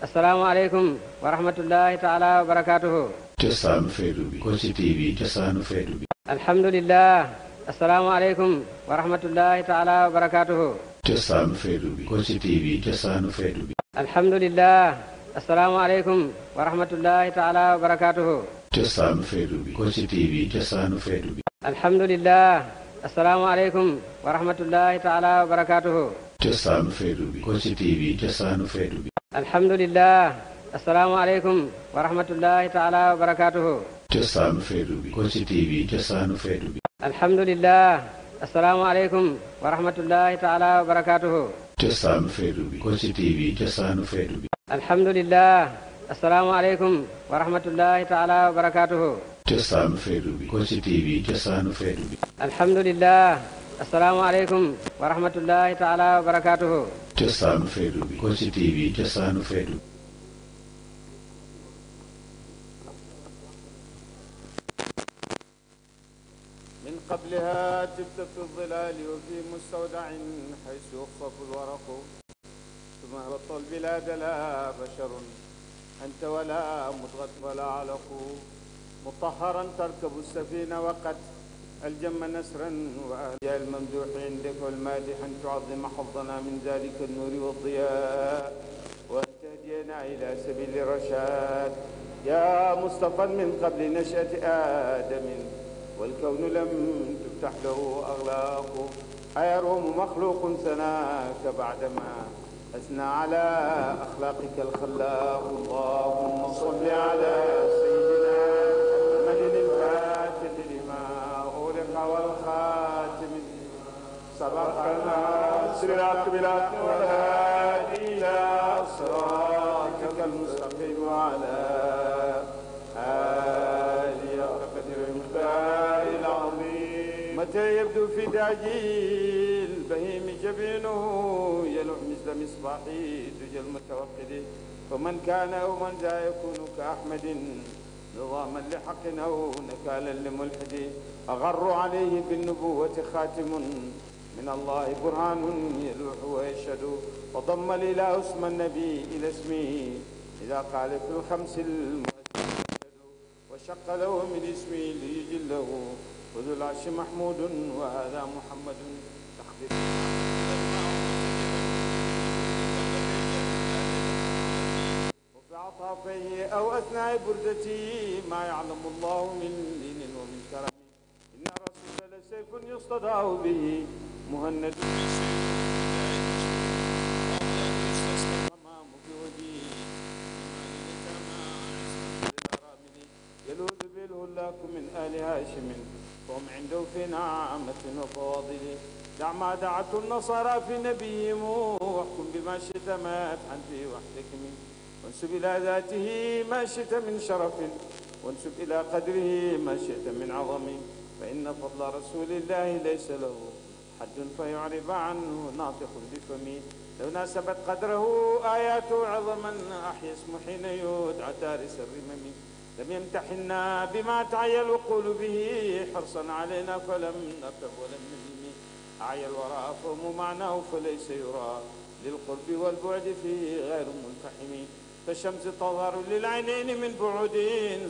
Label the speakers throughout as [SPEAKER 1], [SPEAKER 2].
[SPEAKER 1] asalaamaaleykum wa rahmatullahi taala wa barakaatuhu.
[SPEAKER 2] cosaanu feetu bi. Kossy TV cosaanu feetu bi.
[SPEAKER 1] alhamdulilah. asalaamaaleykum wa rahmatullahi taala wa barakaatuhu.
[SPEAKER 2] cosaanu feetu bi. Kossy TV cosaanu feetu bi.
[SPEAKER 1] alhamdulilah. asalaamaaleykum wa rahmatullahi taala wa barakaatuhu.
[SPEAKER 2] cosaanu feetu bi. Kossy TV cosaanu feetu bi.
[SPEAKER 1] alhamdulilah. asalaamaaleykum wa rahmatullahi taala wa barakaatuhu.
[SPEAKER 2] cosaanu feetu bi. Kossy TV cosaanu feetu bi.
[SPEAKER 1] alhamdulilah asalaamualeykum wa rahmatullahi taala wa barakaatuhu cosaanu
[SPEAKER 2] feetu bi Kossy TV cosaanu feetu bi
[SPEAKER 1] alhamdulilah asalaamualeykum wa rahmatullahi taala wa barakaatuhu
[SPEAKER 2] cosaanu feetu bi Kossy TV cosaanu feetu bi
[SPEAKER 1] alhamdulilah asalaamualeykum wa rahmatullahi taala wa barakaatuhu cosaanu
[SPEAKER 2] feetu bi Kossy TV cosaanu feetu bi
[SPEAKER 1] alhamdulilah asalaamaaleykum wa rahmatullahi taala wa barakaatuhu.
[SPEAKER 2] cosaanu Fayda bi Kossy TV cosaanu Fayda bi.
[SPEAKER 3] min qabliha tibta fi zilaali wa fi mustawdain xaysu yuxsafu lwaraqu summa abata albilaada la basharun anta wala mudgat wala alaqu mutaharan tarkabu safina waqat الجم نسرا يا الممدوح عندك والمادح أن تعظم حظنا من ذلك النور والضياء وأن تهدينا إلى سبيل الرشاد يا مصطفى من قبل نشأة آدم والكون لم تفتح له أغلاقه أيروم مخلوق ثناك بعدما أثنى على أخلاقك الخلاق اللهم صل على سيدنا سبقنا سرات بلا والهادي إلى صراطك المستقيم وعلى آله قدر المختار
[SPEAKER 4] العظيم
[SPEAKER 3] متى يبدو في داجي البهيم جبينه يلوح مثل مصباحي تجى المتوقد فمن كان أو من ذا يكون كأحمد نظاما لحق أو نكالا لملحد أغر عليه بالنبوة خاتم من الله برهان يلوح ويشهد وضم الإله اسم النبي إلى اسمه إذا قال ابن الخمس المؤذن وشق له من اسمه ليجله وذو العرش محمود وهذا محمد تحقيق عطافيه أو أثناء بردتي ما يعلم الله من لين ومن كرم إن رسول لسيف يصطدع به مهند يلوذ بالهلاك من آل هاشم وهم عنده في نعمة وفواضل دع ما دعته النصارى في نبيهم واحكم بما شئت ما افعل به واحتكم وانسب إلى ذاته ما شئت من شرف وانسب إلى قدره ما شئت من عظم فإن فضل رسول الله ليس له حد فيعرف عنه ناطق بفمي لو ناسبت قدره آيات عظما أحيا اسم حين يدعى تارس الرمم لم يمتحنا بما تعيا العقول به حرصا علينا فلم نرتب ولم نلم أعيا الوراء فهم معناه فليس يرى للقرب والبعد فيه غير ملتحم فالشمس تظهر للعينين من بعد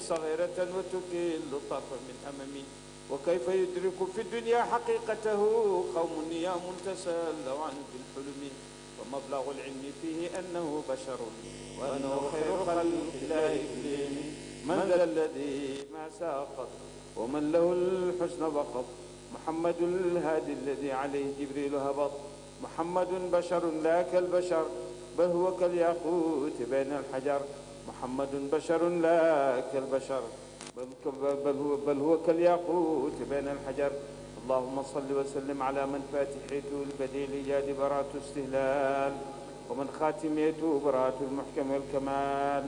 [SPEAKER 3] صغيرة وتكل طرفا من أمم wa kayfa yudriku fi dunya xaqiqatahu qawmun niyaamun tasallaw anhu bil xulumi wa mablagu lilmi fihi annahu basharun wa annahu xayru xalqillahi iblimi man dha alladi ma saqat wa man lahu lxusna baqat محمد الهادي الذي عليه جبريل هبط محمد بشر لا كالبشر بل هو كالياقوت بين الحجر محمد بشر لا كالبشر بل هو كالياقوت بين الحجر اللهم صل وسلم على من فاتحته البديع الإيجاد براءة استهلال ومن خاتميته براءة المحكم والكمال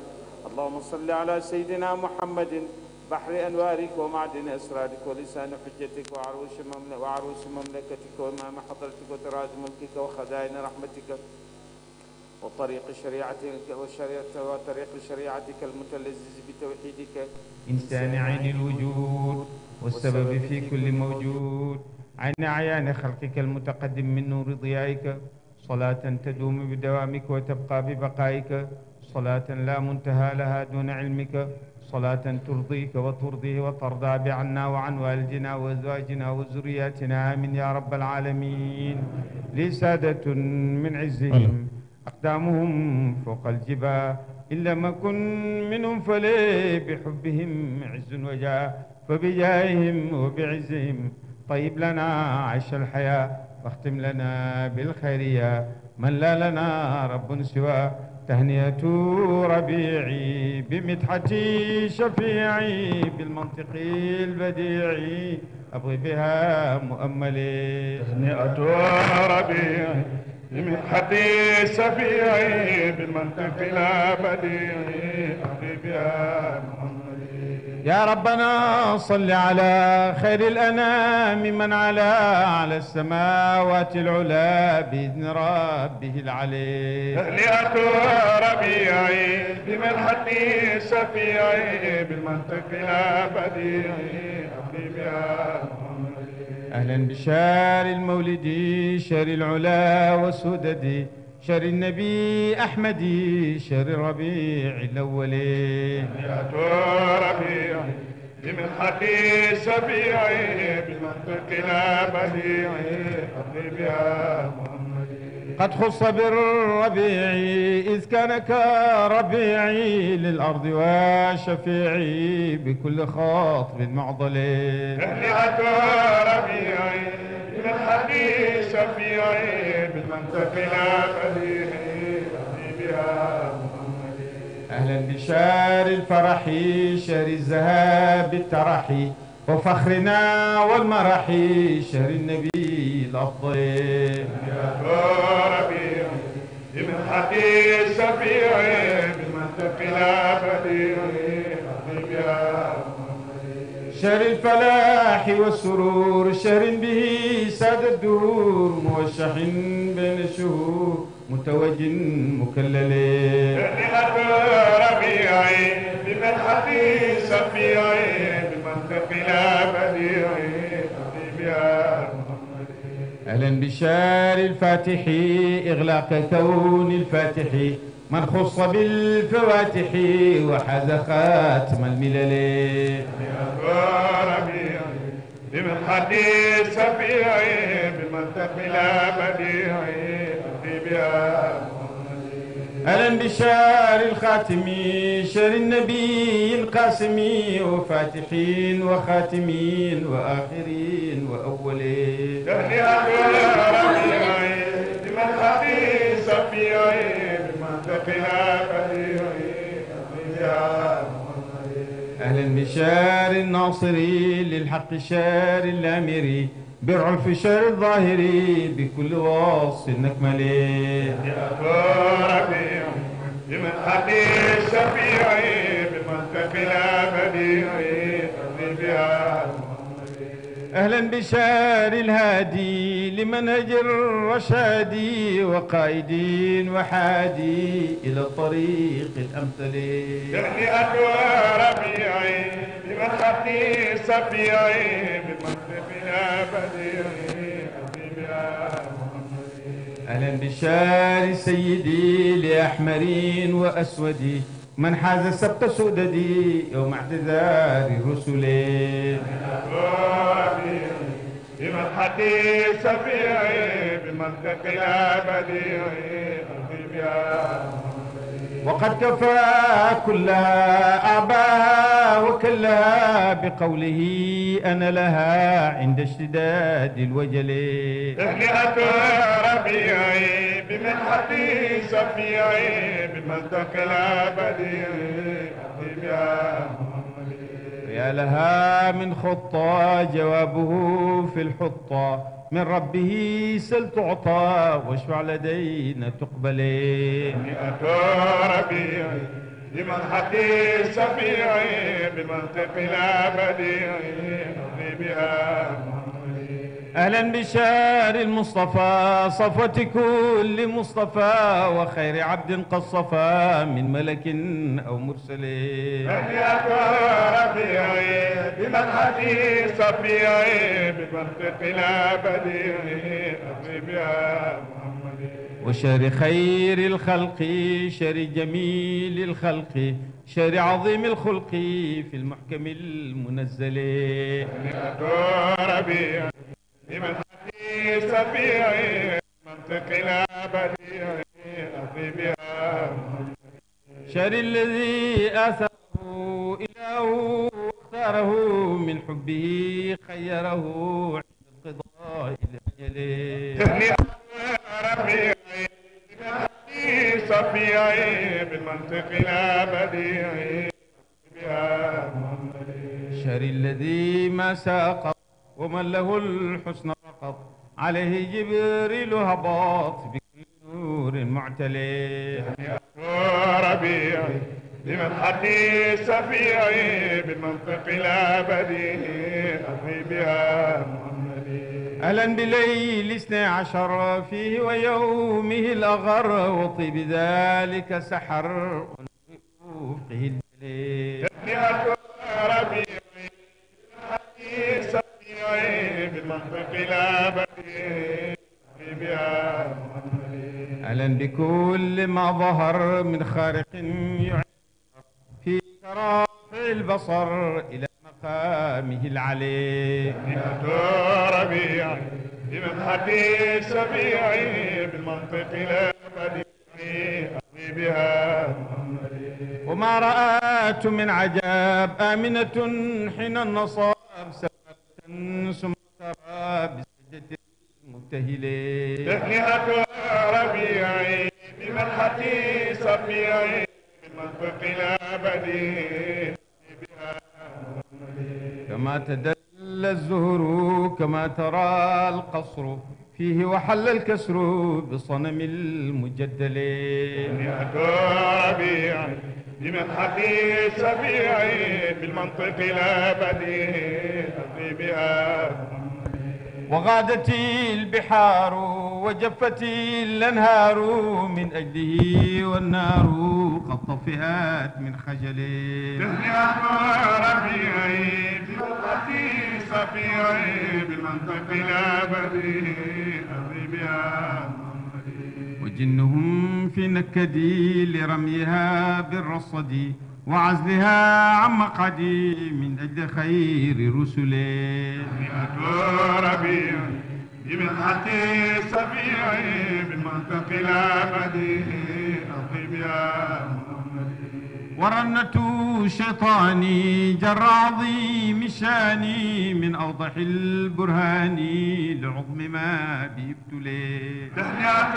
[SPEAKER 3] اللهم صل على سيدنا محمد بحر أنوارك ومعدن أسرارك ولسان حجتك وعروش, ممل وعروش مملكتك وإمام حضرتك وتراج ملكك وخزائن رحمتك وطريق شريعتك وشريعة وطريق شريعتك المتلذذ بتوحيدك إنسان عين الوجود والسبب في كل موجود عين أعيان خلقك المتقدم من نور ضيائك صلاة تدوم بدوامك وتبقى ببقائك صلاة لا منتهى لها دون علمك صلاة ترضيك وترضيه وترضى بعنا وعن والدنا وأزواجنا وذرياتنا آمين يا رب العالمين لي سادة من عزهم أقدامهم فوق الجبال إلا ما كن منهم فلي بحبهم عز وجاه فبجاههم وبعزهم طيب لنا عش الحياة واختم لنا بالخيرية من لا لنا رب سوى تهنية ربيعي بمدحتي شفيعي بالمنطق البديعي أبغي بها مؤملي تهنئة ربيعي
[SPEAKER 4] حتي شفيعي بالمنطق لا بديعي يا يا ربنا صل
[SPEAKER 3] على خير الأنام من على على السماوات العلا بإذن ربه العلي تهنئة
[SPEAKER 4] ربيعي بملحتي شفيعي بالمنطق لا بديعي حبيبي يا محمد
[SPEAKER 3] أهلا بشار المولد شر العلا والسدد شر النبي أحمد شر ربيع الأول يا
[SPEAKER 4] ربيع بمن حقي سبيعي بمنطق لا بديعي أرني بها محمد
[SPEAKER 3] قد خص بالربيع إذ كان كربيع للأرض والشفيع بكل خاطب معضل رحلة
[SPEAKER 4] ربيع للحبيب شفيع بالمنتف لا بديع حبيبها
[SPEAKER 3] أهلا بشار الفرح شر الذهاب الترحي وفخرنا والمرح شهر النبي الأفضل يا
[SPEAKER 4] ربي من حقي شفيع بمنطق لا بديع شهر
[SPEAKER 3] الفلاح والسرور شهر به ساد الدور موشح بين الشهور متوج مكلل ربيعي بمنحتي شفيعي أهلا بشار الفاتح إغلاق كون الفاتح من خص بالفواتح وحاز خاتم الملل
[SPEAKER 4] بمن حديث سبيعي بمن تقبل بديعي أخي بها
[SPEAKER 3] أهلا بشار الخاتم شر النبي القاسم وفاتحين وخاتمين وآخرين وأولين أهلا بشار الناصري للحق شار الأمري بعرف شر الظاهر بكل واص نكملي
[SPEAKER 4] أخبارك بمن حقي الشفيع بمن تقل بديعي بها
[SPEAKER 3] أهلا بشار الهادي لمنهج الرشاد وقائد وحادي إلى الطريق الأمثل
[SPEAKER 4] يحيي أدوار ربيعي بمن خطي صبيعي بمنصب بديعي عظيم يا محمد
[SPEAKER 3] أهلا بشار سيدي لأحمر وأسود من حاز سبت سددي يوم اعتذار رسلي
[SPEAKER 4] بمن حدي سفيعي بمن ذكي بديعي الغيب يا وقد
[SPEAKER 3] كفى كلها أباها وكلها بقوله أنا لها عند اشتداد الوجل
[SPEAKER 4] اهنئة ربيعي بمنحتي شفيعي بمصدق الأبدي
[SPEAKER 3] يا لها من خطى جوابه في الحطة من ربه سل تعطى واشفع لدينا تقبلي ربيع
[SPEAKER 4] لمن حكي شفيعي بمنطق لا بديع بها
[SPEAKER 3] أهلا بشار المصطفى صفوة كل مصطفى وخير عبد قد صفى من ملك أو مرسل أهلك
[SPEAKER 4] رفيعي بمنهجي صفيعي بمنطق لا بديعي أطيب يا محمد
[SPEAKER 3] وشر خير الخلق شر جميل الخلق شر عظيم الخلق في المحكم المنزل ربيعي
[SPEAKER 4] لمن في سبيعي منطق لا بديعي أخي بها
[SPEAKER 3] شر الذي أسره إله اختاره من حبه خيره عند القضاء الأجل تهني
[SPEAKER 4] ربي في صفيعي بالمنطق لا بديعي بها شر
[SPEAKER 3] الذي ما ساق عليه جبريل هبط بكل نور معتلي
[SPEAKER 4] ربيعي بمن حدي سفيعي بالمنطق لا بديع أرحي بها
[SPEAKER 3] محمدي أهلا بليل اثني عشر فيه ويومه الأغر وطيب ذلك سحر ونور
[SPEAKER 4] ربيعي الغيب منطق لا بديل يا محمد
[SPEAKER 3] أهلا بكل ما ظهر من خارق يعلم في شرف البصر إلى مقامه العلي
[SPEAKER 4] ربيع بمدحته السبيع بالمنطق لا بديع بها محمد وما
[SPEAKER 3] رأت من عجاب آمنة حين النصارى ثم سرى بسجدة مبتهلة تهنئة ربيعي بمنحتي صبيعي
[SPEAKER 4] بمنطق لا بديل
[SPEAKER 3] كما تدل الزهر كما ترى القصر فيه وحل الكسر بصنم المجدل تهنئة ربيعي
[SPEAKER 4] بمنحتي صبيعي بالمنطق لا بديل بها وغادتي البحار
[SPEAKER 3] وجفتي الأنهار من أجله والنار قد
[SPEAKER 4] طفئت من خجلي تهني أنوار ربيعي بوقتي صفيعي بالمنطق لا بريء بها
[SPEAKER 3] وجنهم في نكدي لرميها بالرصد وعزلها عم قديم من أجل خير رسله
[SPEAKER 4] مئة ربيع بمنحة سبيع بمنطق الأبد أطيب يا
[SPEAKER 3] ورنة شيطاني جر عظيم شاني من أوضح البرهان لعظم ما بيبتلي
[SPEAKER 4] تهنئة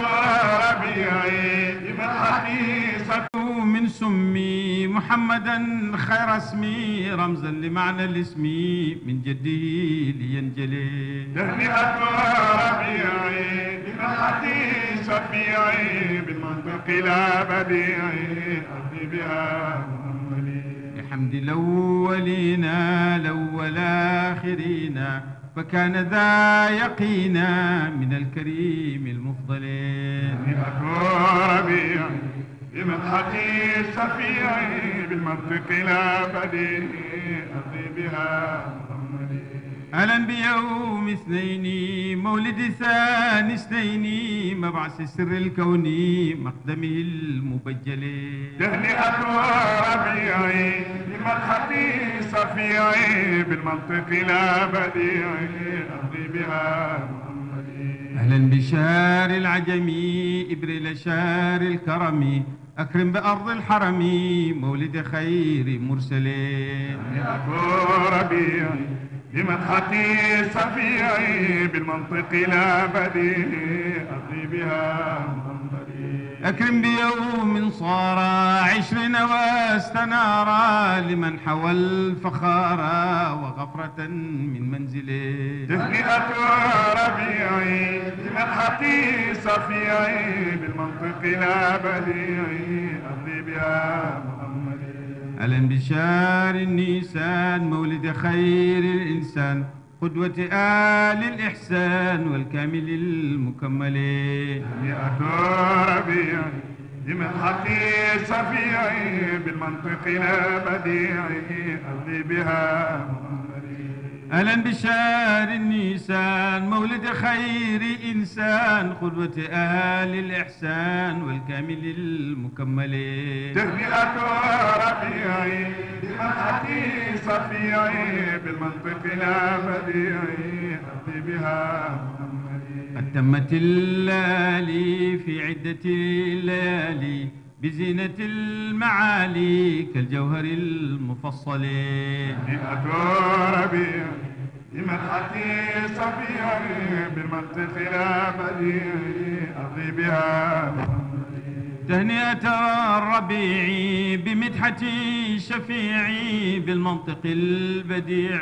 [SPEAKER 4] ربيعي بمنحة
[SPEAKER 3] سبيع من سمي محمدا خير اسمي رمزا لمعنى الاسم من جده
[SPEAKER 4] لينجلي تهنئة ربيعي بمعتي شفيعي بالمنطق لا بديعي أهدي
[SPEAKER 3] بها بحمد الأولين الأوالاخرين فكان ذا يقينا من الكريم المفضل
[SPEAKER 4] تهنئة ربيعي بمدحتي شفيعي بالمنطق لا بديع أرضي بها
[SPEAKER 3] أهلا بيوم اثنين مولد ثاني اثنين مبعث السر الكوني مقدمه المبجل تهنئة
[SPEAKER 4] ربيعي بمدحتي صفيعي بالمنطق لا بديعي أرضي بها
[SPEAKER 3] أهلا بشار العجمي إبريل شار الكرمي أكرم بأرض الحرم مولد خير مرسلين ربي
[SPEAKER 4] بمدحتي صفيعي بالمنطق لا بديع أطيبها
[SPEAKER 3] أكرم بيوم صار عشرين واستنارا لمن حوى الفخارا وغفرة من
[SPEAKER 4] منزله تذكرة ربيعي بمدحتي صفيعي بالمنطق لا بديعي أهلي بها محمد
[SPEAKER 3] أهلا بشار النيسان مولد خير الإنسان قدوة آل الإحسان والكامل المكمل مئة ربيع
[SPEAKER 4] لمن حقي شفيعي بالمنطق لا بديعي أرضي بها
[SPEAKER 3] أهلا بشار النيسان مولد خير إنسان قدوة أهل الإحسان والكامل المكمل تهنئة ربيعي
[SPEAKER 4] بمنحتي صفيعي بالمنطق لا بديعي أبدي بها قد
[SPEAKER 3] تمت الليالي في عدة الليالي بزينة المعالي كالجوهر المفصل مئة ربيع
[SPEAKER 4] بمدحة صفير بالمنطق لا بديع أرضي بها تهنئة الربيع
[SPEAKER 3] بمدحة الشفيع بالمنطق البديع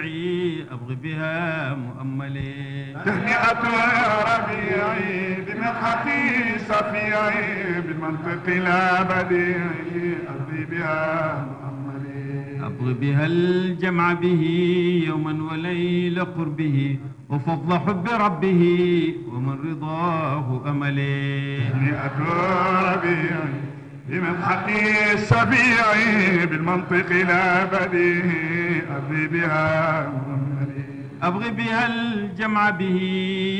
[SPEAKER 3] أبغي بها
[SPEAKER 4] مؤملي تهنئة الربيع بمدحة الشفيع بالمنطق البديع أبغي بها مؤملي أبغي بها
[SPEAKER 3] الجمع به يوما وليل قربه وفضل حب ربه ومن رضاه
[SPEAKER 4] أملي مئة ربيع بمن حقي السبيع بالمنطق لا بديه أبدي بها
[SPEAKER 3] أبغي بها الجمع به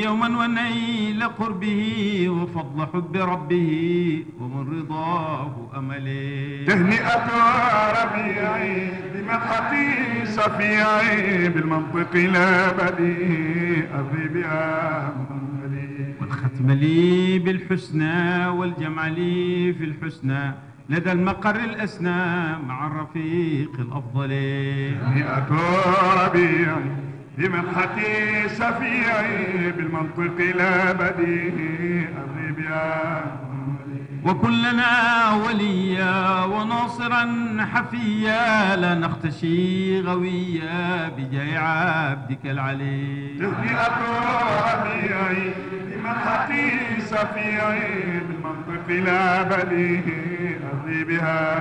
[SPEAKER 3] يوما ونيل قربه وفضل حب ربه ومن رضاه أملي تهنئة ربيعي
[SPEAKER 4] بمدحتي صفيعي بالمنطق لا بديع أبغي بها مؤملي والختم لي
[SPEAKER 3] بالحسنى والجمع لي في الحسنى لدى المقر الأسنى مع الرفيق الأفضل تهنئة ربيعي
[SPEAKER 4] بمنحتي شفيعي بالمنطق لا بديع الربيع وكلنا وليا وناصرا
[SPEAKER 3] حفيا لا نختشي غويا بجاي عبدك
[SPEAKER 4] العلي تهنئة ربيعي بمنحتي شفيعي بالمنطق لا بديع الربيع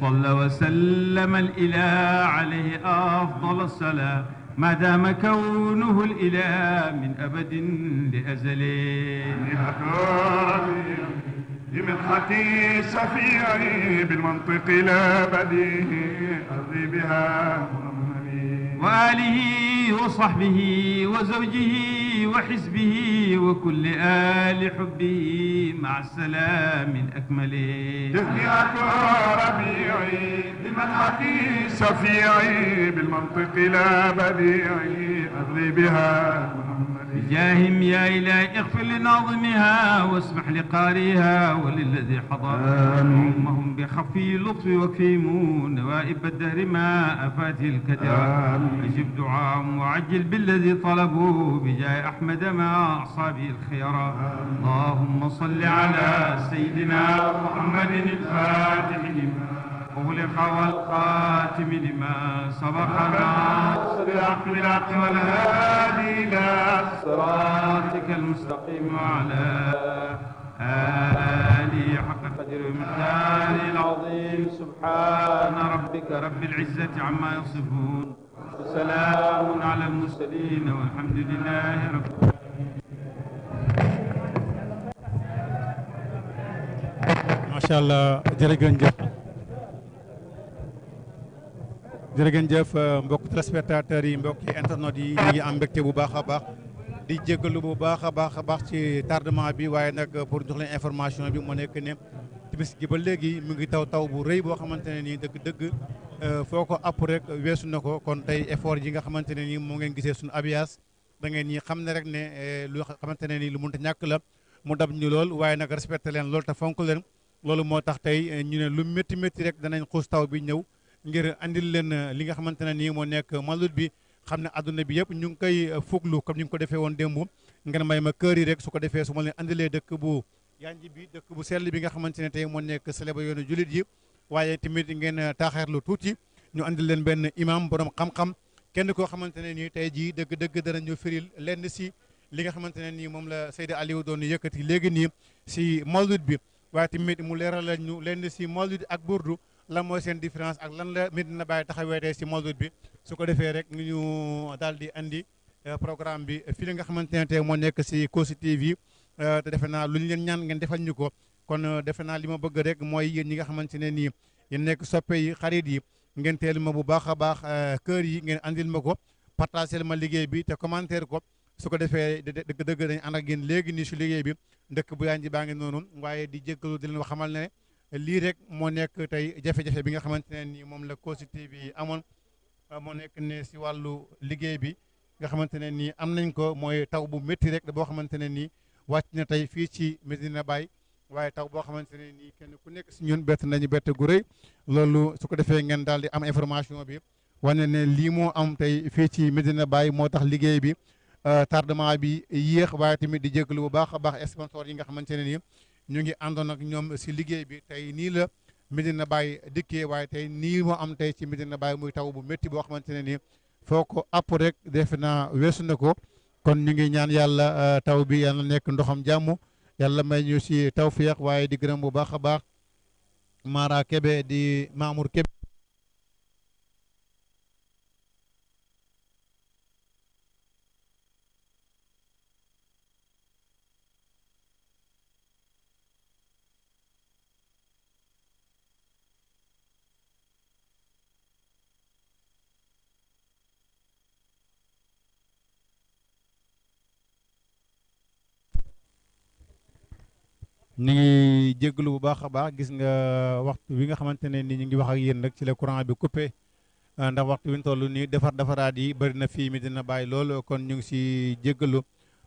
[SPEAKER 3] صلى وسلم الإله عليه أفضل السلام ما دام كونه الإله من أبد لأزل
[SPEAKER 4] لمنحتي سفيعي بالمنطق لا بديه أرضي بها وآله
[SPEAKER 3] وصحبه وزوجه وحزبه وكل آل حبه مع السلام الأكمل تهنئة
[SPEAKER 4] ربيعي لمن أخي شفيعي
[SPEAKER 3] بالمنطق لا بديعي أرضي بها محمد بجاهم يا إلهي اغفر لناظمها واسمح لقاريها وللذي حضرها اللهم بخفي لطف وكريم نوائب الدهر ما أفاته الكدر أجب دعاهم وعجل بالذي طلبوا بجاه أحمد مع أصحابه الخيار اللهم صل على سيدنا محمد الفاتح لما أغلق والخاتم لما سبقنا بالحق بالحق والهادي إلى صراطك المستقيم وعلى آله حق قدر المثال العظيم سبحان ربك رب العزة عما يصفون سلام على المرسلين والحمد لله رب العالمين
[SPEAKER 5] macha allah jërëjëf jërëjëf euh, mbokk téléspectateurs yi mbokk internet yi ñu ngi am mbégte bu baax a baax di jégalu bu baax a baax a baax ci tardement bi waaye nag euh, pour jox leen information bi mu nekk ne timis gi ba léegi mu ngi taw taw bu rëy boo xamante ne nii dëgg-dëgg euh, foo ko app rek weesu na ko kon tey effort yi nga xamante ne nii moo ngeen gisee suñu abiyaas da ngeen ñi xam ne rek ne lu xamante ne nii lu mënta ñàkk la mu dab ñi lool waaye nag respecté leen loolu te fonk leen loolu moo tax tey ñu ne lu métti métti rek danañ xuus taw bi ñëw ngir andil leen euh, li nga xamante ne nii moo nekk Mawlid bi xam ne adduna bi yëpp ñu ngi koy euh, fuglu comme ni nga ko defee woon démb ngeen may ma kër yi rek su ko defee su ma leen andilee dëkk bu yanji bi dëkk bu sell bi nga xamante ne tey moo nekk sele ba yoonu julit yi waaye tamit ngeen euh, taaxeerlu tuuti ñu andil leen benn imam borom xam kenn koo xamante ne nii tey jii dëgg-dëgg dana ñu lenn si li nga xamante ne nii moom la Seydi Aliou doon yëkkati léegi nii si Mawlid bi waaye tamit mu leeral ñu leen si Mawlid ak burdu lan mooy seen différence ak lan la Medina baay taxawee tey si Mawlud bi su ko defee rek ñu ñu daal di andi euh, programme bi fii la nga xamante ne moo nekk si Kossy yi euh, te defe naa lu ñu leen ñaan ngeen defal ñu ko kon euh, defe naa li ma bëgg rek mooy yéen ñi nga xamante ne nii yéen nekk soppe yi xarit yi ngeen teel ma bu baax a baax kër yi ngeen andil ma ko partagel ma liggéey bi te commentaire ko su ko defee de dëgg-dëgg dañ ànd ak yéen léegi nii si liggéey bi ndëkk bu yaa ngi baa ngi noonu waaye di jégalu di leen wax xamal lii rek moo nekk tey jafe-jafe bi nga xamante ne ni moom la Kossy TV bi amoon ah, moo nekk ne si wàllu liggéey bi nga xamante ne nii am nañ ko mooy taw bu métti rek boo xamante ne nii wàcc na tey fii ci Medina Baye waaye taw boo xamante ne nii kenn ku nekk si ñun bett nañu bett gu rëy loolu su ko defee ngeen daal di am information bi wane ne lii moo am tey fii ci Medina Baye moo tax liggéey bi ah, tardement bi yéex waaye tamit di jégalu bu baax a baax sponsor yi nga xamante ne nii ñu ngi àndoon ak ñoom si liggéey bi tey nii la na Baye dikkee waaye tey nii moo am tey ci na baay muy taw bu métti boo xamante ne nii foo ko app rek defe naa weesu ko kon ñu ngi ñaan yàlla euh, taw bi yàlla nekk ndoxam jàmm yàlla may ñu si tawfiq waaye di gërëm bu baax a baax Mara Kebe di Mamour Kebe ñu ngi jégalu bu baax a baax gis nga waxtu wi nga xamante ne ni ñu ngi wax ak yéen rek ci la courant bi coupé ndax waxtu wi ñu toll nii defar defaraat yi bëri na fii mi dina bàyyi lool kon ñu ngi si jégalu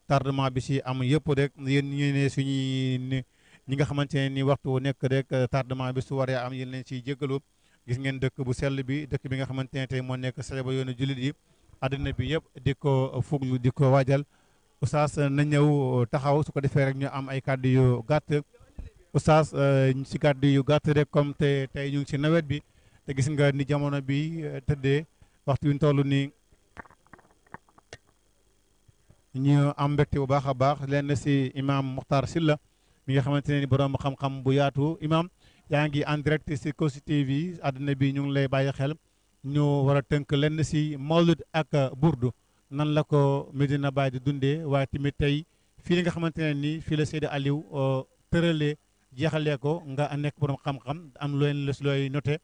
[SPEAKER 5] tardement bi si am yëpp rek yéen ñu ne suñuy ñi nga xamante ne ni waxtu wu nekk rek tardement bi su waree am yéen leen siy jégalu gis ngeen dëkk bu sell bi dëkk bi nga xamante ne tey moo nekk sell ba yoonu jullit yi àddina bi yëpp di ko fuglu di ko waajal. oustaz eh, na ñëw eh, taxaw su ko defee rek ñu am ay kàddu yu gàtt oustaz si eh, kàddu yu gàtt rek comme te tey ñu ngi nawet bi te gis nga ni jamono bi tëddee waxtu wi ñu toll nii ñu am mbégte bu baax a baax lenn si imam Muxtaar Silla mi nga xamante ne ni borom xam-xam bu yaatu imam yaa ngi en direct si Kossy TV àdduna bi ñu ngi lay bàyyi xel ñu war a tënk lenn si mawlud ak burdu nan la ko Medina Baye di dundee waaye tamit tey fii li nga xamante ne nii fii la Seydi Aliou euh, tëralee jeexalee ko nga nekk borom xam-xam am looy looy noté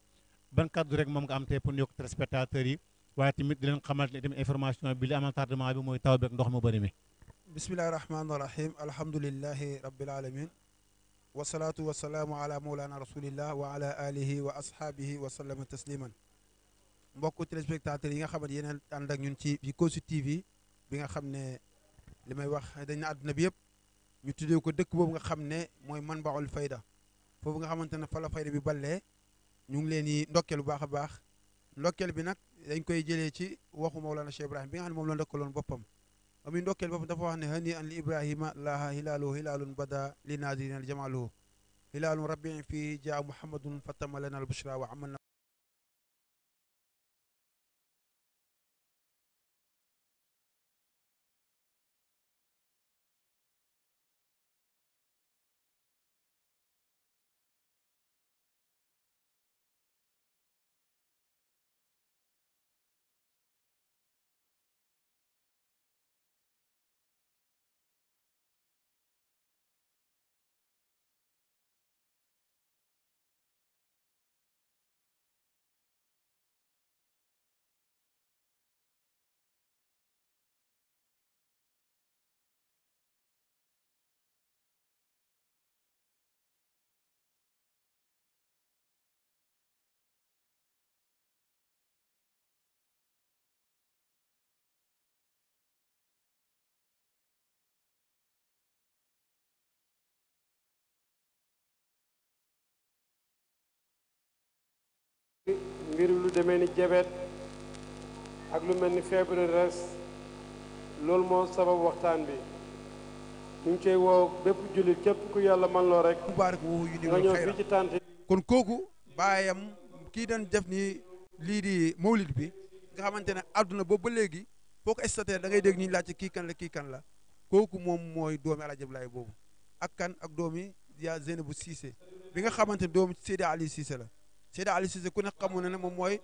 [SPEAKER 5] ban kàddu rek moom nga am tey pour ñu yokk téléspectateurs yi waaye tamit di leen xamal ne dem information bi li amal tardement bi mooy taw beeg ndox mu bëri mi.
[SPEAKER 6] bismillahi rahmaani rahim alhamdulilahi alamin wasalaatu wasalaamu ala maulana rasulillah wa ala alihi wa ashaabihi wa mbokku téléspectateurs yi nga xamante yeneen ànd ak ñun ci Kossy TV bi nga xam ne li may wax dañ na àdduna bi yëpp ñu tuddee ko dëkk boobu nga xam ne mooy man baaxul fayda foofu nga xamante ne fa la fayda bi ballee ñu ngi leen di ndokkeel bu baax a baax ndokkeel bi nag dañ koy jëlee ci waxu Mawlana Cheikh Ibrahim bi nga xam ne moom la ndokkaloon boppam ba muy ndokkeel boppam dafa wax ne hani an li ibrahima laaha hilaaluhu hilaalun bada li naadirin al jamaaluhu hilaalun rabbiin fii jaa muhammadun fatammalana al bushra wa amal
[SPEAKER 4] lu demee ni jabet ak lu mel ni feebaru
[SPEAKER 6] res loolu moo sabab waxtaan bi ñu koy woo bépp jullit képp ku yàlla man loo rek nga ñëw fii ci tànt kon kooku baayam kii daan def ni lii di mawlid bi nga xamante ne àdduna boobu ba léegi foo ko stater da ngay dégg ñu laaj kii kan la kii kan la kooku moom mooy doomi El Hadj Abdoulaye boobu ak kan ak doomi yaa bu Cissé bi nga xamante ne doomu Seydi Ali Cissé la Seyda Ali Cissé ko ne xamu na ne moom mooy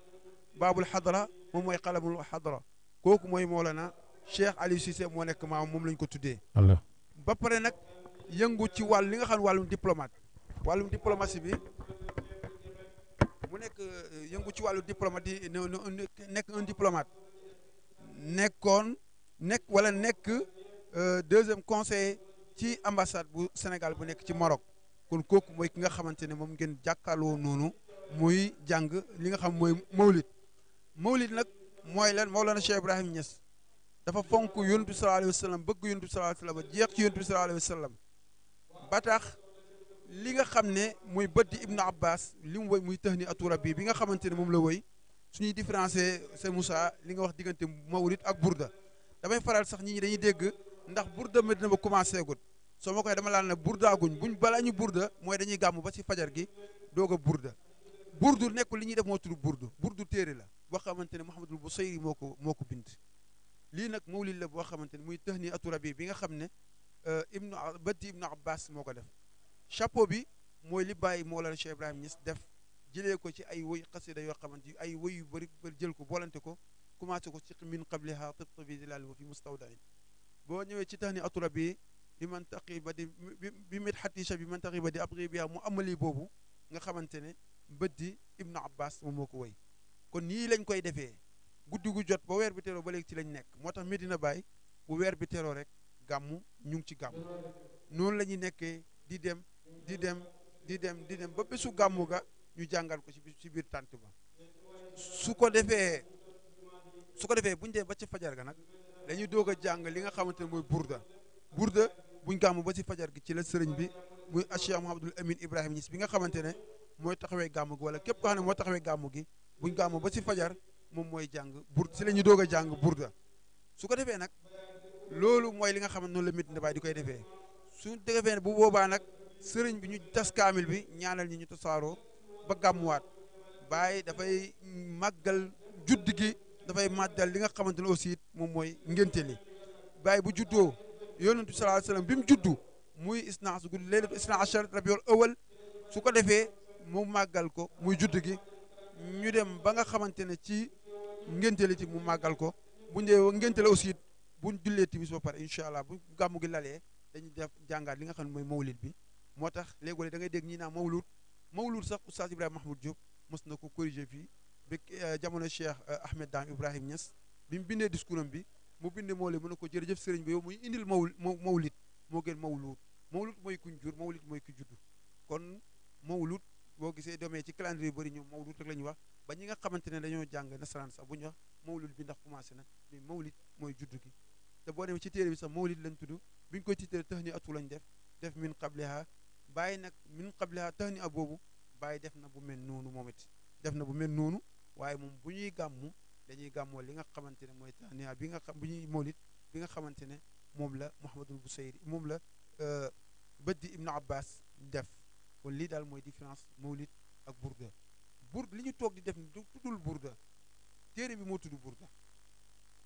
[SPEAKER 6] baabul xadra moom mooy xalamul xadra kooku mooy Mawlana Cheikh Ali Cissé moo nekk maam moom lañ ko tuddee. ba pare nag yëngu ci wàll li nga xam ne wàllum diplomate wàllum diplomatie bi mu nekk euh, yëngu ci wàllu diplomate yi nekk un diplomate nekkoon nekk walla nekk euh, deuxième conseil ci ambassade bu Sénégal bu nekk ci Maroc kon kooku mooy ki nga xamante ne moom ngeen jàkkaarloo noonu. muy jàng li nga xam mooy mawlid mawlid nag mooy moo Mawlana Cheikh Ibrahim ñes dafa fonk yonent bi sallallahu alayhi wa sallam bëgg yonent bi sallallahu alayhi wa jeex ci yonent bi sallallahu alayhi wa li nga xam ne muy bëddi Ibnu Abbas li mu woy muy tëx ni atura bi bi nga xamante ne moom la woy suñuy différencé seen Moussa li nga wax diggante mawlid ak burda damay faral sax nit ñi dañuy dégg ndax burda Medina ba commencé gut soo ma koy dama laan ne burdaaguñ buñ balaa ñu burda mooy dañuy gàmmu ba ci fajar gi doog a burda burdu nekk li ñuy def moo tudd burdu burdu téere la boo xamante ne Mouhamadul Busayri moo ko moo ko bind lii nag mawlid la boo xamante ne muy tahni atu rabi bi nga xam ne euh, ibnu batti ibnu abbas moo ko def chapeau bi mooy li bàyyi la Cheikh Ibrahima Niass def jëlee ko ci ay woy xasida yoo xamante ay woy yu bëri jël ko boolante ko commencé ko ci min qabliha tibtu fi dilal wa fi mustawdain boo ñëwee ci tahni atu rabi bi man taqi ba di bi mit xatisha bi man taqi ba di abri biya mu amali boobu nga xamante ne mbëddi ibnu abbas moom moo ko woy kon nii lañ koy defee guddi gu jot ba weer bi teroo ba léegi ci lañ nekk moo tax Medina Baye bu weer bi teroo rek gàmmu ñu ngi ci gàmmu noonu la ñuy nekkee di dem di dem di dem di dem ba bésu ga ñu jàngal ko ci biir tànt ba su ko defee su ko defee buñ dee ba ci fajar ga nag dañuy doog a jàng li nga xamante ne mooy burda burda buñ gàmmu ba ci fajar gi ci la sëriñ bi muy Cheikh Mouhamadoul Amine Ibrahima si bi nga xamante ne mooy taxawee gàmmu gi wala képp koo xam ne moo taxawee gàmmu gi buñ gàmmu ba si fajar moom mooy jàng bur si la ñu doog a jàng burda su ko defee nag loolu mooy li nga xam ne noonu la mit ne baay di koy defee su defee bu boobaa nag sëriñ bi ñu tas kaamil bi ñaanal ñi ñu tasaaroo ba gàmmuwaat baay dafay màggal judd gi dafay màggal li nga xamante ne aussi moom mooy ngénte li baay bu juddoo yoonu sallallahu bi mu juddu muy isna su guddi leylatu isna achar awal su ko defee mu màggal ko muy judd gi ñu dem ba nga xamante ne ci ngénte li ci mu màggal ko bu ñu ngénte la aussi bu jullee timis ba pare incha allah bu gàmmu gi lalee dañuy def jàngaat li nga xam ne mooy mawlid bi moo tax léegole da ngay dégg ñi naa mawlud mawlud sax oustaz Ibrahima Mahmoud Diop mos na ko corrigé fii bi euh, jamono Cheikh euh, Ahmed Dame Ibrahima Niass bi mu bindee discours am bi mu binde mawlid mu ne ko jërëjëf sëriñ bi yow muy indil mawl mawlid moo gën mawlud mawlud mooy kuñ jur mawlid mooy ku judd kon mawlud boo gisee demee ci calendrier yu bëri ñoom mawlud rek la ñuy wax ba ñi nga xamante ne dañoo jàng nasaraan sax bu ñu wax mawlud bi ndax commencé na mais mawlid mooy juddu gi te boo demee ci téere bi sax mawlid lañ tudd bi ñu koy tiitee tax ni atu lañ def def min qabliha bàyyi nag min qabliha tax ni a boobu bàyyi def na bu mel noonu moom it def na bu mel noonu waaye moom bu ñuy gàmmu dañuy gàmmoo li nga xamante ne mooy tax ni bi nga xam bu ñuy mawlid bi nga xamante ne moom la Mouhamadul Busayri moom la bët euh, Baddi Ibn Abbas def kon lii daal mooy différence mawlid ak burda burda li ñu toog di def ni tuddul burda téere bi moo tudd burda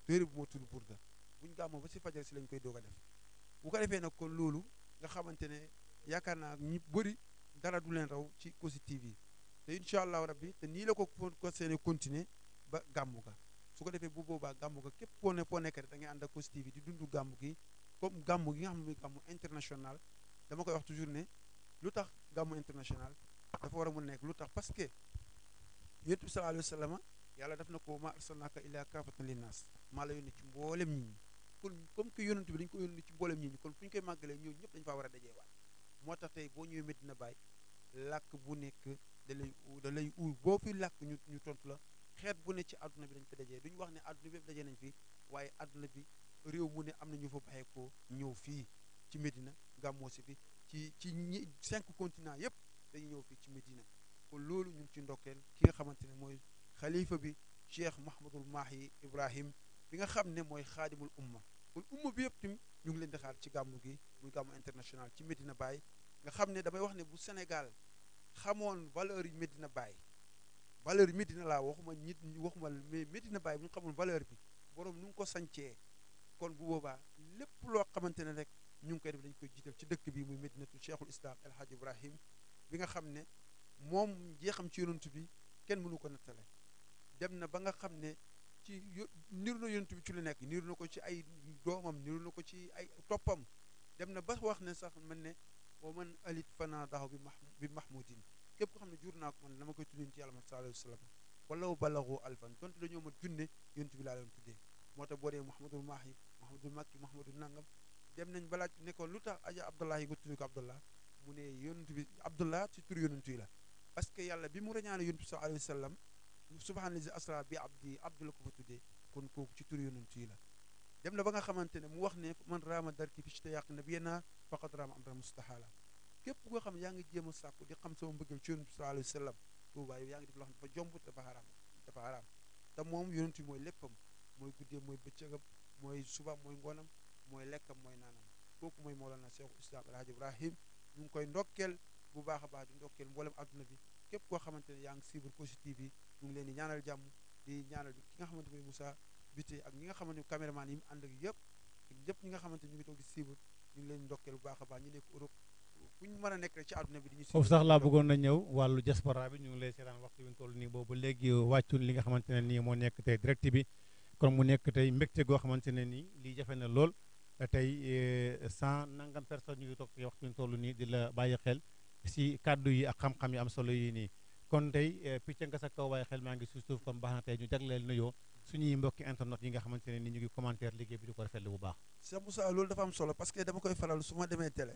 [SPEAKER 6] téere bi moo tudd burda buñ gàmmoo ba si fajar si lañ koy doog a def bu ko defee nag kon loolu nga xamante ne yaakaar naa ñu bëri dara leen raw ci Kossy TV te incha allahu rabbi te nii la ko ko seene continuer ba gàmmu ka su ko defee bu boobaa gàmmu ga képp koo ne koo nekk rek da ngay ànd ak Kossy TV di dundu gàmmu gi comme gàmmu ki nga xam ne muy gàmmu international dama koy wax toujours ne lu tax gàmmu international dafa war a mun nekk lu tax parce que yonent bi sallallahu alayhi wa yàlla def na ko ma arsalnaka illa kaafatan linnaas maa la yónni ci mboolem nit ñi kon comme que yonent bi dañu ko yónni ci mboolem nit ñi kon fu ñu koy màggalee ñëw ñëpp dañu faa war a dajee waat moo tax tey boo ñëwee Medina Baye làkk bu nekk da lay da lay uur boo fi làkk ñu tontu la xeet bu ne ci àdduna bi dañ ko dajee duñu wax ne àdduna bi yëpp dajee nañ fi waaye àdduna bi réew mu ne am na ñu fa bàyyeekoo ñëw fii ci Medina gàmmoo si ci ci ñi cinq continents yëpp dañu ñëw fii ci Medina kon loolu ñu ngi ci ndokkeel ki nga xamante ne mooy xalifa bi Cheikh Mahamadul Mahi Ibrahim bi nga xam ne mooy xaadimul umma kon umma bi yëpp tamit ñu ngi leen di ci gàmmu gi muy gàmmu international ci Medina bàyyi nga xam ne damay wax ne bu senegal xamoon valeur yi Medina bàyyi valeur yi Medina laa waxuma nit waxuma mais Medina Baye bu ñu xamoon valeur bi borom nu ngi ko sañcee kon bu boobaa lépp loo xamante ne rek ñu ngi koy def dañ koy jiital ci dëkk bi muy medinatu cheikhul islam El Hadj Ibrahim bi nga xam ne moom jeexam ci yonent bi kenn mënu ko nattale dem na ba nga xam ne ci niru na yonent bi ci lu nekk niru na ko ci ay doomam niru na ko ci ay toppam dem na ba wax ne sax man ne wa man alit fana daaw bi ma bi mahmudin képp ko xam ne jur naa ko man dama koy tuddin ci yàlla man sallallahu alayhi wa sallam walaw balagu alfan donte dañoo ma junne yonent bi laa leen tuddee moo tax boo dee mahamadul maahi mahamadul makki mahamadul nangam dem nañ ba laaj ne ko lu tax aja abdullah yi nga tudd ko abdullah mu ne yonent bi abdullah ci tur yonent yi la parce que yàlla bi mu rañaane yonent bi sallallahu alayhi wa sallam subhaanallazi asra bi abdi abdula ko fa tuddee kon kooku ci tur yonent la dem na ba nga xamante ne mu wax ne man raama darki fi ishtiyaq nabiyana faqad raama amra mustahala képp koo xam yaa ngi jéem a sàkku di xam sama mbëggeel ci yonent bi sallallahu alayhi wa sallam ngi def loo xam dafa jomb dafa haram dafa haram te moom yonent mooy léppam mooy guddee mooy mooy suba mooy ngoonam mooy lekkam mooy naanam kooku mooy Mawlana na Islam El Hadj Ibrahim ñu ngi koy ndokkeel bu baax a baax di ndokkeel mboolem adduna bi képp koo xamante ne yaa ngi suivre Kossy TV ñu ngi leen di ñaanal jàmm di ñaanal ki nga xamante mooy Moussa Bité ak ñi nga xamante ne caméraman yi mu ànd yëpp ak ñëpp nga xamante ñu ngi toog di suivre ñu ngi leen ndokkeel bu baax a baax ñu nekk Europe fu ñu mën a nekk rek ci adduna bi di ñu foofu sax laa bëggoon na ñëw wàllu diaspora ñu ngi lay seetaan waxtu bi toll nii boobu léegi wàccu
[SPEAKER 5] li nga xamante ne nii moo nekk tey direct bi kon mu nekk tey mbégte goo xamante ne nii lii jafe na lool tey euh, cent nangam personne ñu ngi toog fi waxtu ñu toll nii di la bàyyi xel si kàddu yi ak xam-xam yi am solo yi nii kon tey euh, picc nga sa kaw bàyyi xel maa ngi suuf suuf kon baax na tey ñu jagleel su suñuy mbokki internet yi nga xamante ne ni ñu ngi commentaire liggéey bi di ko rafetlu bu baax
[SPEAKER 6] Cheikh Moussa loolu dafa am solo parce que dama koy faral su ma demee télé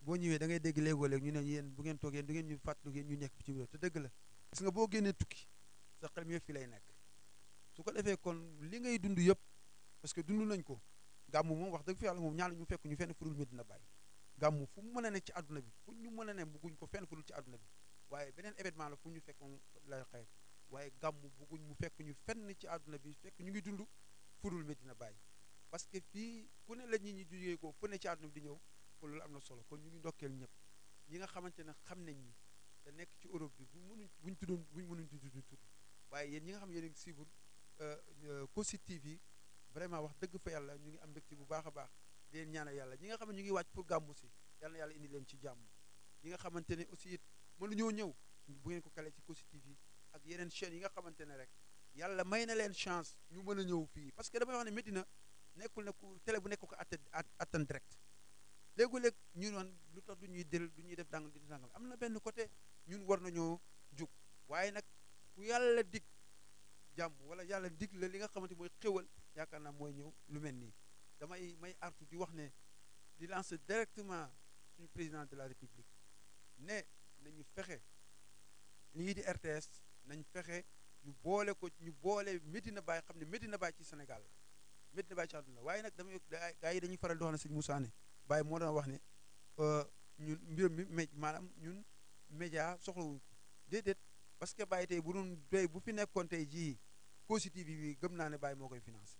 [SPEAKER 6] boo ñëwee da ngay dégg léegoo léeg ñu ne yéen bu ngeen toog yéen du ngeen ñu fàttali yéen ñu nekk ci biir te dëgg la gis nga boo génnee tukki sa lay nekk su ko defee kon li ngay dund yëpp parce que dund nañ ko gàmm moom wax dëgg fi yàlla moom ñaanu ñu fekk ñu fenn fudul Medina Baye gàmm fu mu mën a ne ci àdduna bi fu ñu mën a ne bugguñ ko fenn fudul ci àdduna bi waaye beneen événement la fu ñu fekk moom la xew waaye gàmm mu fekk ñu fenn ci àdduna bi fekk ñu ngi dund fudul Medina Baye parce que fii ku ne la nit ñi jugee ko fu ne ci àdduna bi ñëw kon loolu am na solo kon ñu ngi ndokkeel ñëpp ñi nga xamante ne xam nañ ñi te nekk ci Europe bi bu mënuñ buñ ñu buñ mënuñ tudd tudd waaye yéen ñi nga xam yéen a ngi suivre euh, euh, Kossy TV vraiment wax dëgg fa yàlla ñu ngi am mbégte bu baax a baax di leen ñaanal yàlla ñi nga xam ne ñu ngi wàcc pour gàmmu si yal na yàlla indi leen ci jàmm ñi nga xamante ne aussi it mënuñoo ñëw bu ngeen ko kale ci Kossy TV ak yeneen chaînes yi nga xamante ne rek yàlla may na leen chance ñu mën a ñëw fii parce que damay ne Médina nekkul ne ku télé bu nekk ko attan attan direct léegu-léeg ñu noon lu ñuy del du ñuy def dang di dangal am na benn côté ñun war nañoo jug waaye nag ku yàlla dig jàmm wala yàlla digg la li nga xamante mooy xéwal yaakaar naa mooy ñëw lu mel nii damay may artu di wax ne di lancer directement suñu président de la république ne nañu fexe lii di RTS nañ fexe ñu boole ko ñu boole na baay xam ne na baay ci Sénégal Medina Baye ci àdduna waaye nag damay gaa yi dañuy faral di wax ne sëñ Moussa moo doon wax ne euh, ñun mbiram mi maanaam ñun média soxlawuñ ko déedéet parce que Baye tey bu doon doy bu fi nekkoon tey jii positif yi gëm naa ne Baye moo koy financé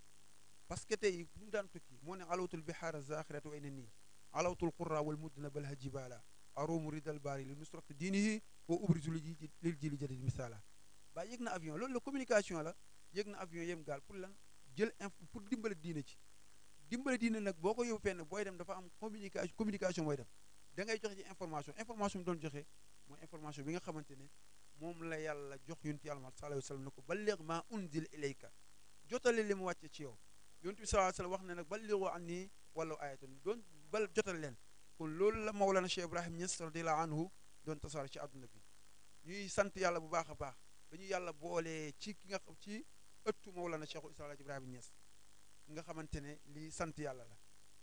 [SPEAKER 6] parce que tey bu ñu daan tukki moo ne alawtul bihaara zaxiratu ay na nii alawtul qurra wal muddina bal hajibala aromu ridal baari li nusrati diinihi wa ubrisu li lil jili jadid misaala baa yëg na avion loolu la communication la yëg na avion yem gaal pour lan jël info pour dimbale diine ci dimbale nag boo ko yóbbu fenn booy dem dafa am communication communication booy dem da ngay joxe ci information information bi doon joxe mooy information bi nga xamante ne moom la yàlla jox yunti yàlla ma sallallahu alayhi wa sallam ne ko balligh ma unzila ilayka li mu wàcce ci yow yonent bi sallallahu wax wa nag wax ne nag balligu anni walaw ayatun doon bal jotal leen kon loolu la Mawlana Cheikh Ibrahim Niass radiyallahu anhu doon tasaare ci àdduna bi ñuy sant yàlla bu baax a baax dañu yàlla boolee ci ki nga xam ci ëttu Mawlana Cheikhul Islam Alaaji Ibrahim Niass nga xamante ne lii sant yàlla la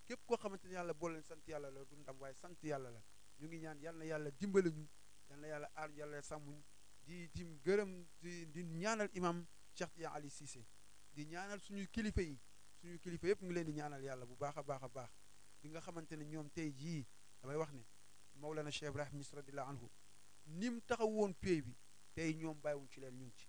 [SPEAKER 6] képp koo xamante ne yàlla boole leen sant yàlla la du ndam waaye sant yàlla la ñu ngi ñaan yal yàlla dimbale ñu yal na yàlla aar yàlla sàmmuñ di di gërëm di ñaanal imam Cheikh Tidiane Ali di ñaanal suñu kilifa yi suñu kilifa yëpp ngi leen di ñaanal yàlla bu baax a baax a baax bi nga xamante ne ñoom tey jii damay wax ne Mawlana Cheikh Ibrahim Niass la anhu ni mu taxaw woon pay bi tey ñoom bàyyiwuñ ci leen ñu ngi ci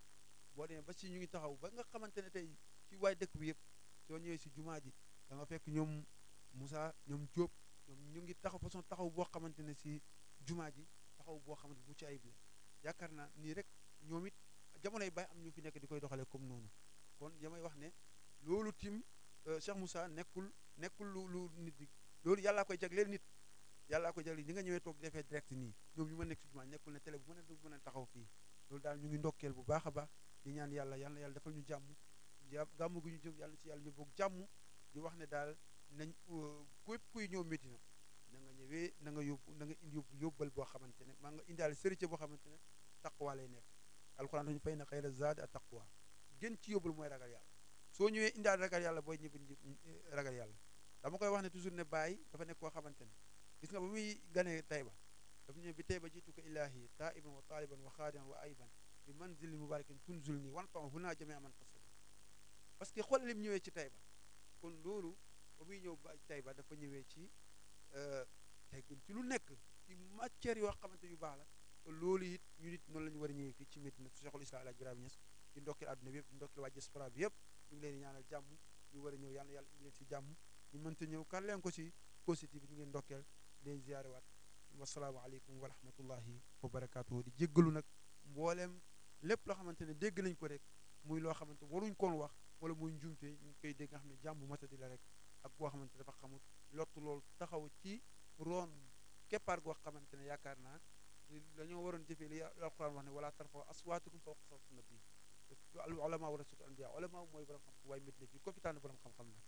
[SPEAKER 6] boo demee ba si ñu ngi taxaw ba nga xamante ne tey ci waay dëkk bi yëpp soo ñëwee si jumaa ji da nga fekk ñoom Moussa ñoom Diop ñoom ñu ngi taxaw façon taxaw boo xamante ne si jumaa ji taxaw boo xamante bu ci ayib la yaakaar naa nii rek ñoom it jamonoy bàyyi am ñu fi nekk di koy doxalee comme noonu Euh, Cheikh Moussa nekkul nekkul lu lu nit di loolu yàllaa koy jagleel nit yàllaa koy jagleel ñi nga ñëwee toog defee direct nii ñoom ñu ma nekk si jumaa nekkul ne télé bu ma ne mën a taxaw fii loolu daal ñu ngi ndokkeel bu baax baax di ñaan yàlla yàlla yàlla defal ñu jàmm gàmm gi ñu yàlla ci yàlla ñu bokk jàmm di wax ne daal nañ euh, képp ñëw Medina na nga ñëwee na nga yóbbu na nga indi yóbbu boo xamante ne maa nga indaale sërite boo xamante ne taqwa lay nekk alquran dañu fay na xayra zaad at taqwa gën ci yóbbal mooy ragal yàlla soo ñëwee indaal ragal yàlla booy ñibbi eh, ragal yàlla dama koy wax ne toujours ne bàyyi dafa nekk koo xamante ne gis nga ba muy ganee Tayba daf ñëw bi Tayba jiitu ko ilaahi taiban wa taaliban wa xaadiman wa ayban bi manzili mubarakin tunzul nii wan pam hunaa jamee aman xasa parce que xool lim ñëwee ci Tayba kon loolu ba muy ñëw ba Tayba dafa ñëwee ci euh, teggin ci lu nekk ci matière yoo xamante yu baax la te loolu it ñu nit noonu la war a ñëwee fii ci Medina Cheikhul Islam El Hadji Ibrahima Niass di ndokkeel àdduna bi yëpp di ndokkeel waa diaspora bi yëpp ñu ngi leen di ñaanal jàmm ñu war a ñëw yàlla yàlla indi leen si jàmm ñu mënta ñëw kan leen ko si positif bi ñu ngeen ndokkeel leen ziarewaat wasalaamaaleykum wa rahmatullahi wa di jéggalu nag mbooleem lépp loo xamante ne dégg nañ ko rek muy loo xamante waruñ koon wax wala muy njuumte ñu ngi koy dégg nga xam ne jàmm matadi la rek ak boo xamante dafa xamul lottu loolu taxaw ci roon keppaar goo xamante ne yaakaar naa la dañoo waroon jëfee li alquran wax ne wala tarfoo aswaatukum fawqa na bii al ulama warasatul anbiya ulama mooy borom xam-xam waaye médina fii ko fi borom xam-xam la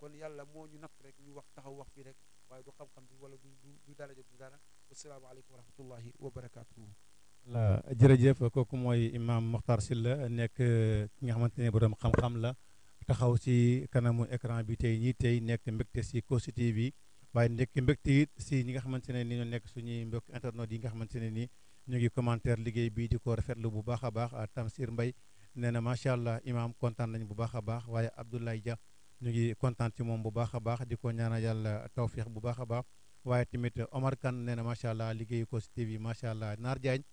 [SPEAKER 6] kon yàlla moo ñu natt rek ñu wax taxaw wax fii rek waaye du xam-xam bi wala du du daraja du dara asalaamaaleykum wa rahmatullahi wa barakaatuhu la
[SPEAKER 5] jërëjëf kooku mooy imam Makhtar Sylla nekk ki nga xamante ne borom xam-xam la taxaw si kanamu écran bi tey ñii tey nekk mbekk si Kossy bi waaye nekk mbégte it si ñi nga xamante ne ni ñoo nekk suñuy mbokk internet yi nga xamante ne ni ñu ngi commentaire liggéey bii di ko rafetlu bu baax a baax Tamsir mbay nee na macha allah imaam kontaan nañ bu baax a baax waaye Abdoulaye Dia ñu ngi kontaan ci moom bu baax a baax di ko ñaanal yàlla tawféex bu baax a baax waaye tamit Omar Kane nee na macha allah liggéeyu ko si TV macha allah Naar Diagne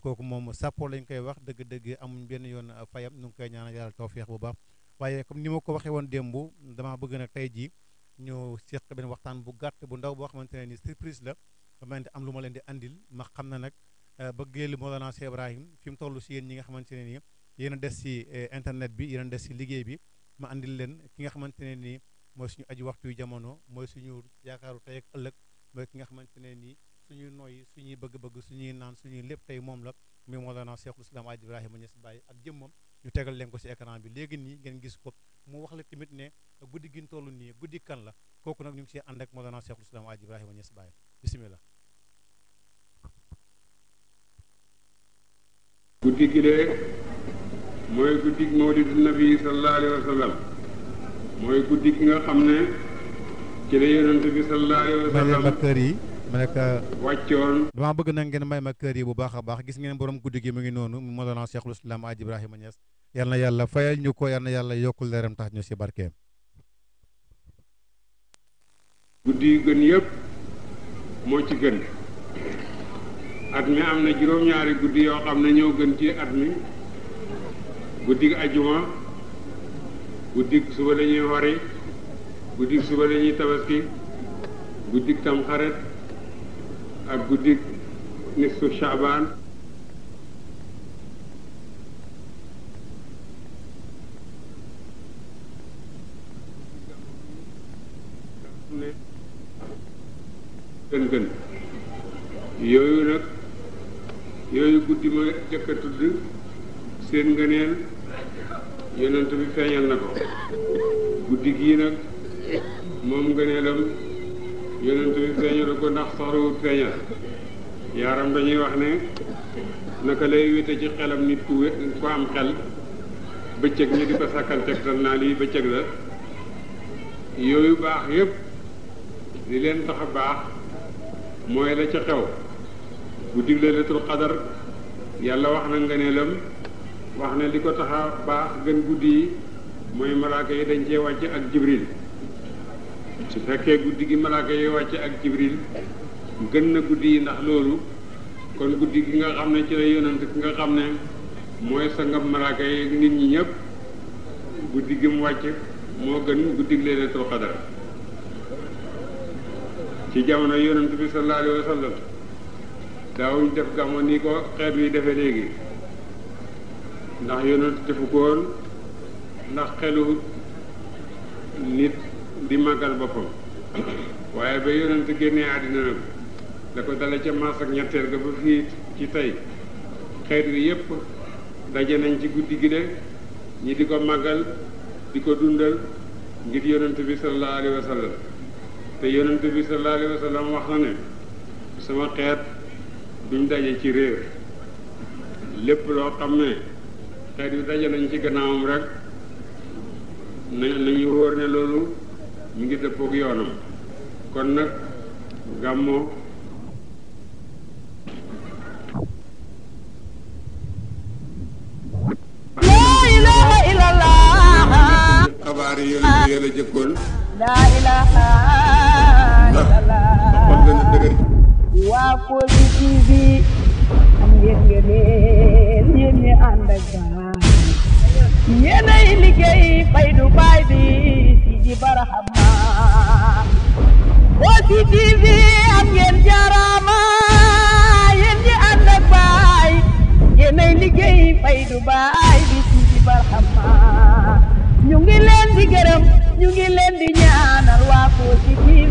[SPEAKER 5] kooku moom sàppo lañ koy wax dëgg-dëgg amuñ benn yoon fayam ñu ngi koy ñaanal yàlla tawféex bu baax waaye comme ni ma ko waxee woon démb damaa bëgg nag tey jii ñu seq benn waxtaan bu gàtt bu ndaw boo xamante ne ni surprise la xamante am lu ma leen di andil ma xam na nag eh, bëggee li Mawlana Cheikh Ibrahim fi mu toll si yéen ñi nga xamante ne nii yéen a des ci eh, internet bi yéen des ci liggéey bi ma andil leen ki nga xamante ne nii mooy suñu aji waxtu yu jamono mooy suñu yaakaaru tey ak ëllëg mooy ki nga xamante ne nii suñuy nooyi suñuy bëgg-bëgg suñuy naan suñuy lépp tey moom la muy Mawlana Cheikhul Islam Aji Ibrahima si bàyyi ak jëmmam ñu tegal leen ko ci écran bi léegi nii ngeen gis ko mu wax la tamit ne guddi gin ñu toll nii guddi kan la kooku nag ñu ngi ciy ànd ak Mawlana Cheikhul Islam Aji Ibrahima Niass Baye bisimilah.
[SPEAKER 7] mooy guddig mawlidu nabi sallallahu alayhi wa sallam mooy guddi gi nga xam ne ci la yonent bi sallallahu alayhi wa sallam ma kër
[SPEAKER 5] yi ma nekk wàccoon damaa bëgg nag ngeen may ma kër yi bu baax a baax gis ngeen borom guddi gi mu ngi noonu Mawlana Cheikhul Islam Aj Ibrahima Niass yal na yàlla fayal ñu ko yal na yàlla yokkul leeram tax ñu si barkeem
[SPEAKER 7] guddi yu gën yëpp moo ci gën at mi am na juróom-ñaari guddi yoo xam ne ñoo gën ci at mi guddig ajjuma guddig suba la wari guddig suba la ñuy tabaski guddig tamxaret ak guddig nisfu shaabaan yooyu nag yooyu guddi ma jëkk a tudd seen ngëneel yonent bi feeñal moom ngëneelam yonent bi feeñal wax ne naka lay wéete ci nit ku wé ku naa lii bëccëg la yooyu baax yépp li leen tax a baax mooy la ca xew guddi laylatul qadar yàlla wax na ngëneelam wax ne li ko taxa a baax gën guddi yi mooy malaaka yi dañ cee wàcc ak jibril su fekkee guddi gi malaaka yi wàcc ak jibril gën na guddi yi ndax loolu kon guddi gi nga xam ne ci la yonent ki nga xam ne mooy sangam malaaka yi nit ñi ñëpp guddi gi mu wàcc moo gën guddi gi laylatul qadar ci jamono yonent bi sallallahu alayhi wa sallam daawuñ def gàmmo ni ko xeet wi defe léegi ndax yonent defu ko ndax xelu nit di màggal boppam waaye ba yonent génnee àddina nag da ko dale ca maas ak ñetteel ga ba fii ci tey xeet wi yépp daje nañ ci guddi gi de ñi di ko màggal di ko dundal ngir yonent bi sallallahu alayhi wa sallam te yonent bi sallallahu alayhi wa sallam wax na ne sama xeet duñ daje ci réer lépp loo xam ne xeet yu daje nañ ci gannaawam rek na nañu wóor ne loolu ñu ngi dëppook yoonam kon nag gàmmoo xabaar yi yonent yi la jëkkoon
[SPEAKER 1] laa ilaaha
[SPEAKER 7] illallaah kon gën a dëgër
[SPEAKER 1] waa Kossy TV am ngeen ngeen yéen ñi ànd ak yéenay liggéey Faydu Baay baay yéenay liggéey Faydu Baay bi ñu ngi leen di gërëm ñu ngi leen di ñaanal waa OCTV